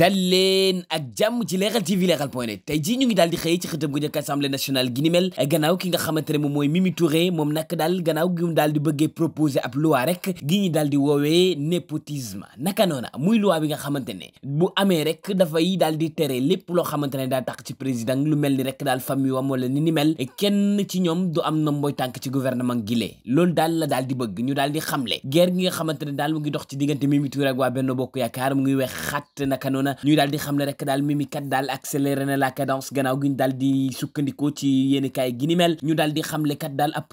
dal leen ak jàmm ci leeral tv point net tey ñu ngi daal di xëy ci xëtëb gu njëkk assemblée nationale gi ni mel gannaaw ki nga xamante ne moom mooy Mimi Touré di bëggee proposer ab loi rek gi ñu daal di woowee népotisme naka nga xamante ne bu amee rek dafay daal di tere lépp loo xamante ne daa tax ci président lu mel ni rek daal famille wam wala ni ni mel kenn ci ñoom du am nomboy tànk ci gouvernement gile loolu daal la daal di bëgg ñu daal di xamle guerre gi nga xamante ne daal mu ngi dox ci diggante Mimi Touré ak waa Benno Bokk Yaakaar mu noona ñuy daal di xam ne rek daal Mimi kat daal accéléré na la cadence gannaaw gi ñu daal di sukkandikoo ci yéeni kaay gi ni mel ñu daal di xam le kat daal ab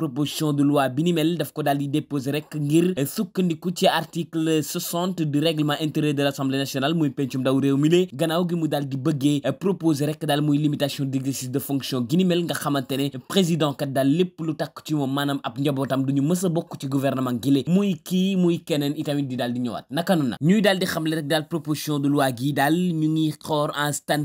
muy pencum ndaw réew mi limitation de fonction gi ni mel nga xamante ne président kat daal lépp lu takk ci moom maanaam ab njabootam duñu mës a bokk ci gouvernement gi le muy kii muy keneen itamit di daal di ñëwaat naka noonu ñuy daal di xam le rek daal proposition de loi gi daal ñu ngi xoor en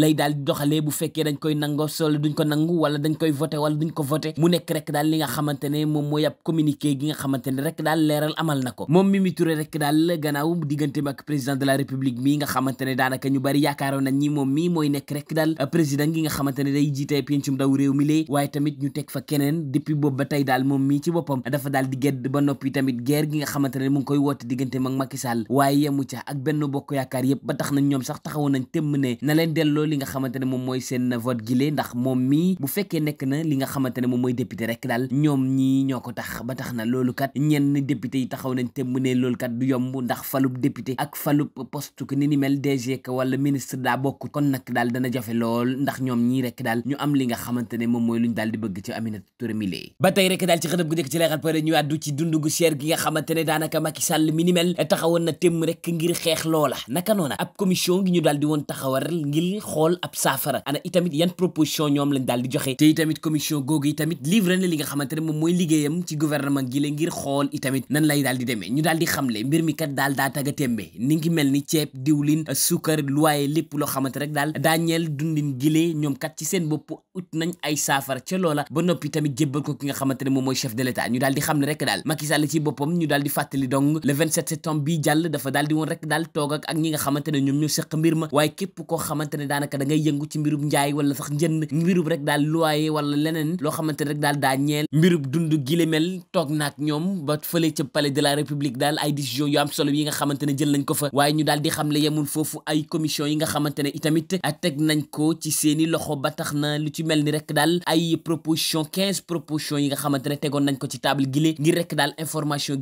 lay daal di doxalee bu fekkee dañ koy nango sol duñ ko nangu wala dañ koy voté wala duñ ko voté mu nekk rek daal li nga xamante ne moom mooy ab gi nga xamante ne rek daal leeral amal na ko moom Mimi Touré rek daal gannaaw digganteem ak président de la république mi nga xamante ne daanaka ñu bari yaakaaroon nañ ñi moom mii mooy nekk rek daal président gi nga xamante ne day jiite pencum ndaw réew mi lee waaye tamit ñu teg fa keneen depuis boobu ba tey daal moom mii ci boppam dafa daal di gedd ba noppi tamit guerre gi nga xamante ne mu ngi koy woote digganteem mag Macky Sall waaye yemu ca ak benn bokk bokk yaakaar yëpp ba tax nañ ñoom sax taxawoon temm ne na leen delloo li nga xamante moom mooy seen vote gile ndax moom mii bu fekkee nekk na li nga xamante moom mooy député yi taxaw nañ temm ne loolu kat du yomb ndax falub député ak ñu am li nga di bëgg ci Aminata Touré Milé ba tey rek daal ci xëtëb gu njëkk ci leeral pare ñu àddu ci dund gi nga xamante ne daanaka Macky mi ni mel taxawoon na temm rek ngir xeex loola naka noona ab commission ngi ñu daal di woon taxawal ngir xool ab saafara ana itamit yan proposition ñoom lañ daal di joxe te itamit commission googu itamit livré na li nga xamante ne moom mooy liggéeyam ci gouvernement gi la ngir xool itamit nan lay daal di demee ñu daal di xamle mbir mi kat daal daa taga témbee ni ngi mel ni ceeb diwlin suukar luwaaye lépp loo xamante rek daal daañeel dundin gilee ñoom kat ci seen bopp ut nañ ay saafara ca loola ba noppi tamit xamante ne moom mooy chef de l'état ñu daal di xam ne rek daal Macky Sall ci boppam ñu daal di fàttali dong le 27 septembre bi jàll dafa daal di woon rek daal toog ak ñi nga xamante ne ñoom ñoo seq mbir ma waaye képp koo xamante daanaka da ngay yëngu ci mbirub njaay wala sax njënd mbirub rek daal loyer wala leneen loo xamante ne rek daal daa ñeel mbirub dund gilémel toog naak ñoom ba fële ca palais de la république daal ay décision yi nga xamante ne jël teg nañ ko ci seeni loxo ba tax na lu ci mel ni rek daal ay proposition quinze proposition yi nga xamante ne tegoon nañ ko ci table gile ngir rek daal information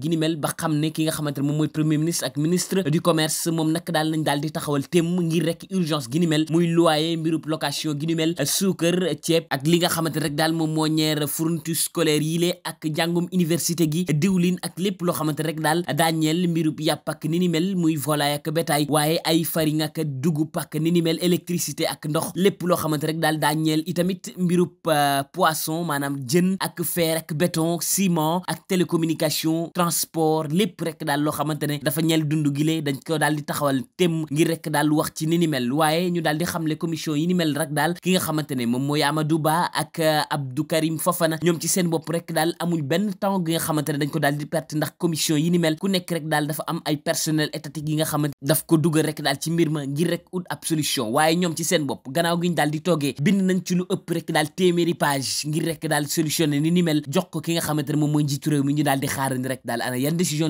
ñoom daal nañ daal di taxawal tém ngir rek urgence gi ni mel muy loyer mbirub location gi ni mel suukar ceeb ak li nga xamante rek daal moom moo ñeer fourniture scolaire yi lee ak njàngum université gi diwlin ak lépp loo xamante rek daal daañeel mbirub yàpp ak muy volaille ak bétail waaye ay farine ak dugub ak ni ni mel ak ndox lépp loo xamante rek daal daañeel itamit mbirub euh, poisson maanaam jën ak fer ak béton ciment ak télécommunication transport lépp rek daal loo xamante ne dafa ñeel dund gi lee dañ ko daal di tax taxawal tem ngir rek daal wax ci ni ni mel waaye euh, ñoom ci seen bopp rek daal amuñ benn temps gi nga xamante ne dañ ko daal di perte ndax commission yi ni mel nekk rek daal dafa am ay personnel étatique yi nga xamante ko dugal rek daal ci mbir ma ngir rek ut ab solution waaye ñoom seen bopp gannaaw ñu daal di toogee bind nañ ci lu ëpp rek daal téeméeri page ngir rek daal solutionné ni ni mel jox ko ki nga xamante ne moom mooy njiitu réew mi ñu daal di xaarandi rek daal ana yan décision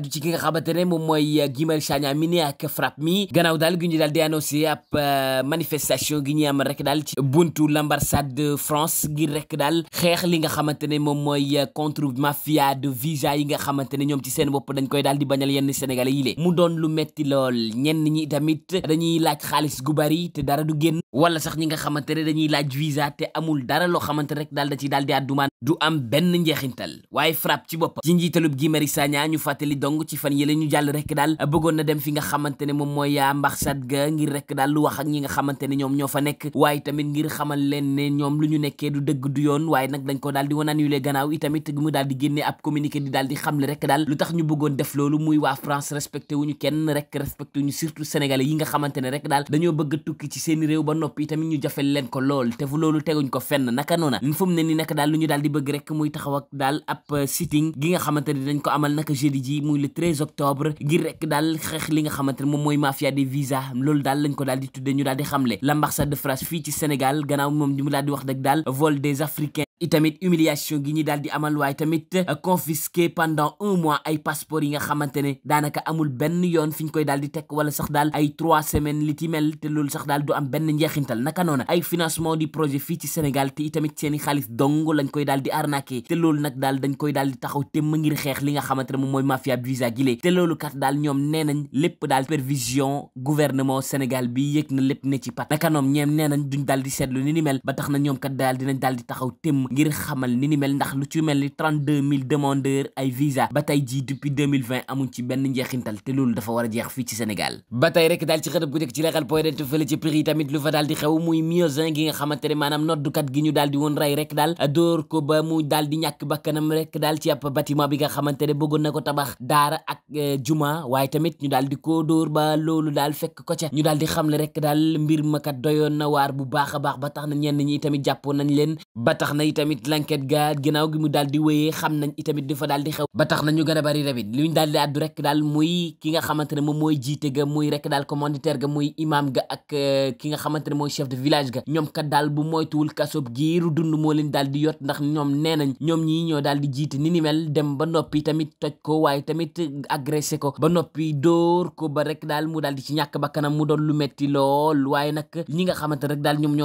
addu ci ki nga xamante ne moom mooy euh, Guy Marius Sagna ak FRAPP mi gannaaw daal gi ñu daal di annoncé ab euh, manifestation gi ñuy am rek daal ci buntu l'ambassade de France ngir rek daal xeex li nga xamante ne moom mooy euh, contre mafia de visa yi nga xamante ne ñoom ci seen bopp dañ koy daal di bañal yenn sénégalais yi mu doon lu metti lool ñenn ñi tamit dañuy laaj xaalis gu bari te dara du génn wala sax ñi nga xamante ne dañuy laaj visa te amul dara loo xamante rek daal da ci daal di du am benn njeexintal waaye frapp ci boppam ci njiitalub Guy Marius Sagna ñu fàttali dong ci fan yële ñu jàll rek daal bëggoon na dem fi nga xamante ne moom mooy yaa ah, mbaxsat ga ngir rek daal lu wax ak ñi nga xamante ne ñoom ñoo fa nekk waaye tamit ngir xamal leen ne ñoom lu ñu nekkee du dëgg du yoon waaye nag dañ ko daal di woon lee gannaaw itamit mu daal di génne ab communiqué di daal di xamle rek daal lu tax ñu bëggoon def loolu muy waa France respecté wuñu kenn rek respecté wuñu surtout sénégalais yi nga xamante ne rek daal dañoo bëgg tukki ci seeni réew ba noppi itamit ñu jafel leen ko lool te loolu teguñ ko fenn naka ñu daal di bëgg rek muy taxaw daal ab euh, sitting gi nga xamante dañ ko amal naka jeudi ji muy le octobre ngir rek daal xeex li nga xamante moom mooy mafia des visa loolu daal lañ ko daal di tudde ñu daal di xamle l'ambassade de France fii ci Sénégal gannaaw moom ñu mu daal wax nag daal vol des africains itamit humiliation gi ñi daal di amal waaye tamit eh, confisqué pendant un mois ay passeport yi nga xamante ne daanaka amul benn yoon fi ñu koy daal di tekk wala sax daal ay trois semaines li ci mel te loolu sax daal du am benn njeexintal naka noona ay financement di projet fii ci Sénégal te itamit seen i xaalis dong lañ koy daal di arnaqué te lool nag daal dañ koy daal di taxaw te mu ngir xeex li nga xamante ne moom mooy mafia visa gile te loolu kat daal ñoom nee nañ lépp daal supervision gouvernement Sénégal bi yëg na lépp ne ci pat naka noom ñeem nee nañ duñ daal di seetlu ni tax na ñoom kat daal dinañ daal di taxaw ngir xamal ni ni mel ndax lu ci mel ni 32000 demandeurs ay visa ba tey jii depuis 2020 amuñ ci benn njeexintal te loolu dafa war a jeex fii ci Sénégal ba tey rek daal ci xëtëb gu njëkk ci leeral point net fële ci prix yi lu fa daal di xew muy mieuxin gi nga xamante ne maanaam noddukat gi ñu daal di woon rey rek daal dóor ko ba mu daal di ñàkk bakkanam rek daal ci ab bâtiment bi nga xamante ne bëggoon na ko tabax daara ak euh, juma waaye tamit ñu daal di ko dóor ba loolu daal fekk ko ca ñu daal di xamle rek daal mbir ma kat doyoon na waar bu baax baax ba tax na ñenn ñi tamit jàppoon nañ leen ba tax na tamit l'enquête ga ginnaaw gi mu daal di wéyee xam nañ itamit dafa daal di xew ba tax nañu gën a bari tamit li ñu daal di àddu rek daal muy ki nga xamante ne moom mooy jiite ga muy rek daal commanditaire ga muy imam ga ak euh, ki nga xamante ne chef de village ga ñoom kat daal bu moytuwul kasob giiru dund moo leen daal di yot ndax ñoom nee nañ ñoom ñii ñoo daal di jiite ni ni mel dem ba noppi tamit toj ko waaye tamit agressé ko ba noppi dóor ko ba rek daal mu daal di ci ñàkk ba kanam mu doon lu metti lool waaye nag ñi nga xamante rek daal ñoom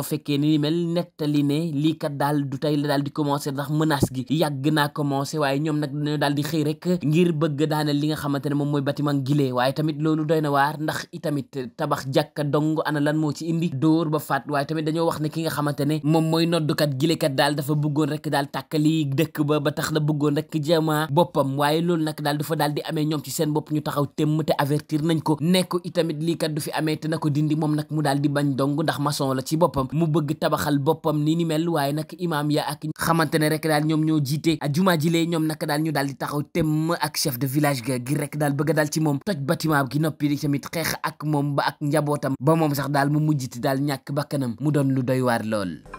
la daal di commencé ndax menace gi yàgg naa commencé waaye ñoom nag dañoo daal di xëy rek ngir bëgg daaneel li nga xamante ne moom mooy bâtiment gilee waaye tamit loolu doy na waar ndax itamit tabax jàkka dong ana lan moo ci indi door ba faat waaye tamit dañoo wax ne ki nga xamante ne moom mooy noddukat gilekat daal dafa bëggoon rek daal tàkkali dëkk ba ba tax la bëggoon rek jama boppam waaye loolu nag daal dafa daal di amee ñoom ci seen bopp ñu taxaw temm te avertir nañ ko nekk itamit lii kat du fi amee te na ko dindi moom nag mu daal di bañ dong ndax maçon la ci boppam mu bëgg tabaxal boppam ni ni waaye nag ak xamante ne rek daal ñoom ñoo jiite juma ji lee ñoom naka daal ñu daal di taxaw temm ak chef de village ga gi rek daal bëgg daal ci moom toj bâtiment gi noppi di tamit xeex ak moom ba ak njabootam ba moom sax daal mu mujjiti daal ñàkk bakkanam mu doon lu doy waar lool